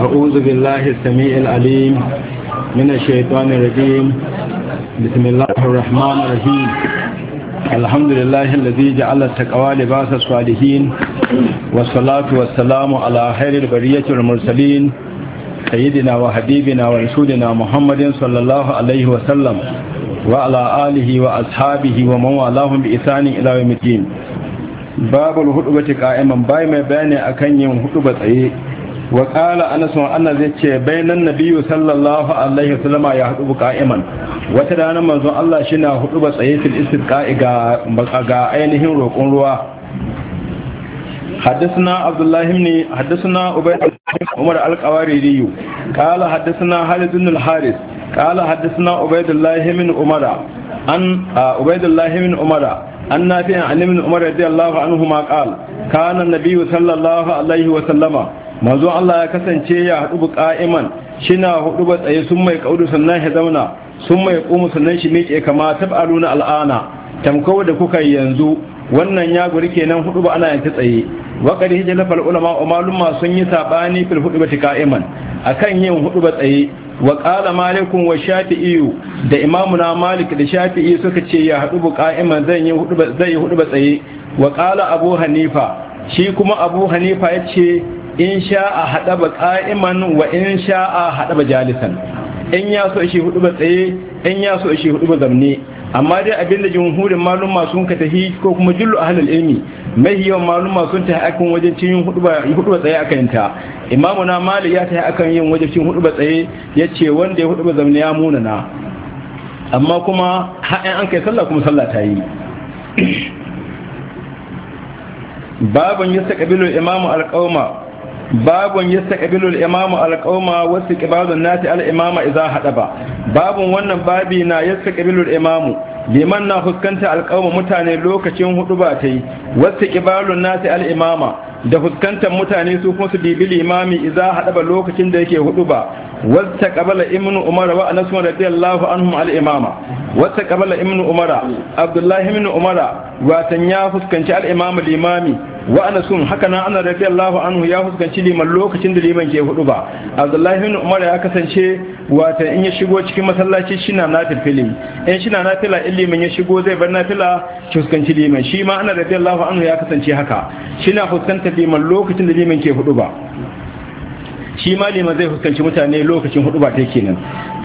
أعوذ بالله السميع العليم من الشيطان الرجيم بسم الله الرحمن الرحيم الحمد لله الذي جعل التقوى لباس الصالحين والصلاة والسلام على خير البرية المرسلين سيدنا وحبيبنا ورسولنا محمد صلى الله عليه وسلم وعلى آله وأصحابه ومن والاهم بإحسان إلى يوم الدين باب الخطبة قائما باي ما بيان أكن يوم خطبة أيه wa kala anas anna zai ce bainan nabiyyu sallallahu alaihi wasallam ya hudu qa'iman wata rana manzo Allah shi na hudu ba tsaye fil istiqa'i ga ga ainihin roƙon ruwa حدثنا عبد الله بن حدثنا عبيد عمر القواريري قال حدثنا خالد بن الحارث قال حدثنا عبيد الله بن عمر عن عبيد الله بن عمر عن نافع عن ابن عمر رضي الله عنهما قال كان النبي صلى الله عليه وسلم manzo Allah ya kasance ya haɗu bu shi na hudu ba tsaye sun mai kaudu sannan ya zauna sun mai ƙumu sannan shi miƙe kama tab'alu na al'ana tamko da kuka yanzu wannan ya guri kenan hudu ba ana ta tsaye waƙar na fal ulama wa ma sun yi saɓani fil hudu ba ka'iman akan yin hudu ba tsaye wa ƙala malikun wa shafi'iyu da imamuna malik da shafi'i suka ce ya haɗu bu ƙa'iman zan yi hudu ba tsaye wa ƙala abu hanifa shi kuma abu hanifa ya ce in sha'a haɗa ba ƙa'iman wa in sha'a haɗa ba jalisan in ya so shi hudu ba tsaye in ya so shi hudu ba zamne amma dai abinda jumhurin maluma sun ka tafi ko kuma jullu ahlul ilmi mai yawan maluma sun ta akan wajen cin yin hudu ba tsaye akan ta imamu na mali ya ta akan yin wajen cin hudu ba tsaye yace wanda ya hudu ba zamne ya munana amma kuma ha'in an kai sallah kuma sallah ta yi babun yasta kabilu imamu alqauma babun ya saƙabilu al'imamu alƙauma wasu ƙibadun nati al'imama idan haɗa ba babun wannan babi na ya saƙabilu al'imamu liman na huskanta alƙauma mutane lokacin hudu ba ta yi wasu ƙibadun nati al'imama da huskantar mutane su kuma su bibi limami idan haɗa ba lokacin da yake hudu ba wasu taƙabala imnu umara wa anasu radiyallahu anhum al'imama wasu taƙabala imnu umara abdullahi imnu umara watan ya fuskanci al'imama limami wa sun haka nan ana Allahu anhu ya huskanci liman lokacin da liman ke hudu ba abdullahi bin umar ya kasance wata in ya shigo cikin masallaci shina na fili in shina nafila in liman ya shigo zai bar nafila ki huskanci liman shi ma ana Allahu anhu ya kasance haka shina huskanta liman lokacin da liman ke hudu ba shi ma liman zai huskanci mutane lokacin hudu ba ta kenan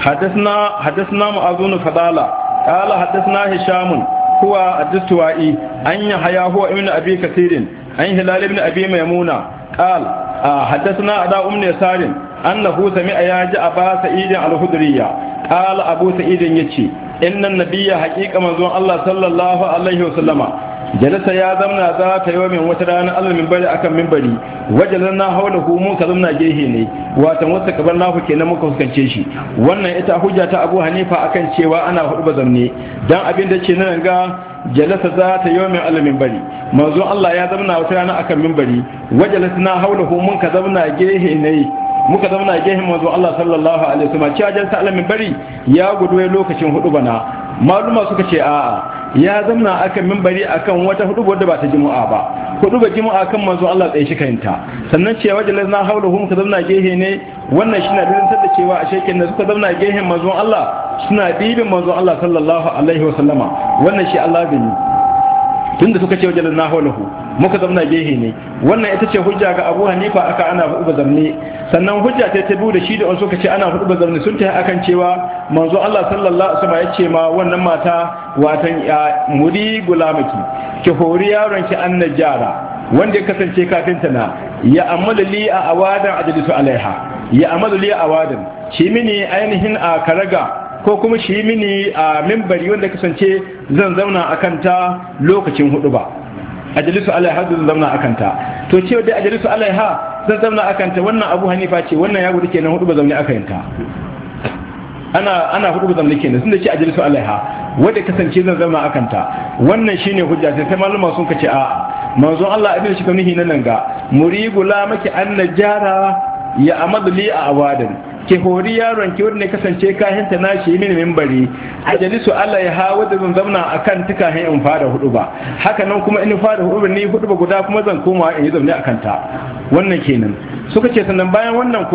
hadasna hadasna mu'azun fadala qala hadasna hisham huwa ad-dustawi an yahya huwa ibn abi kasirin an hilali ibn abi maimuna qal haddathna ada ummu yasarin annahu sami'a ya ji aba sa'idin al-hudriya qal abu sa'idin yace inna nabiyya haqiqa manzon Allah sallallahu alaihi wasallama jalasa ya zamna za ta yi wa wata ranar allah mimbari akan mimbari wajen na hau da mun ka zamna gehe ne watan wasu kabar nahu kenan muka fuskance shi wannan ita hujja ta abu hanifa akan cewa ana hudu ba zamne dan abin da ce nan ga jalasa za ta yi min ala bari manzo Allah ya zamuna wata rana akan minbari wa haula da mun ka zamna gehe ne muka zamna gehe manzo Allah sallallahu alaihi wasallam cewa jalasa ala bari ya gudu lokacin hudu bana maluma suka ce a'a ya zamna akan mimbari akan wata hudu wadda ba ta jimu'a ba hudu ba jimu'a kan manzo Allah tsaye shi kanta sannan cewa wajen na haula hum ka zamna gehe ne wannan shi na bilintar da cewa a shekin da suka zamna gehe manzo Allah suna bibin manzo Allah sallallahu alaihi wa sallama wannan shi Allah bin tunda suka ce wajen na haula muka zamna gehe ne wannan ita ce hujja ga Abu Hanifa aka ana ba zamne sannan hujja ta ta biyu da shi da wasu suka ce ana hudu ba zarni sun ta akan cewa manzo Allah sallallahu alaihi wasallam ya ce ma wannan mata watan muri gulamaki ki hori yaron ki annajara. wanda ya kasance kafinta na ya amalu li a awadan ajlisu alaiha ya amalu li a awadan shi mini ainihin a karaga ko kuma shi mini a mimbari wanda kasance zan zauna a kanta lokacin hudu ba ajalisu alaiha zan zauna a kanta to cewa dai ajalisu alaiha sun tsamna a kanta wannan abu hanifa ce wannan ya gudu kenan hudu ba zaune aka yanta ana ana hudu ba zaune kenan sun da ce ajalisu alaiha wanda kasance zan zama a kanta wannan shine hujja sai ta malama sun kace a manzon Allah ibn shikamihi nan ga muri gulamaki an najara ya amadu li a awadan ke hori yaron ki wanda kasance kahin ta nashi yi mini mimbari a jalisu Allah ya hawa da zan zauna a kan ta in fara hudu ba haka nan kuma in fara hudu ba ni hudu ba guda kuma zan koma in yi zaune a kanta wannan kenan suka ce sannan bayan wannan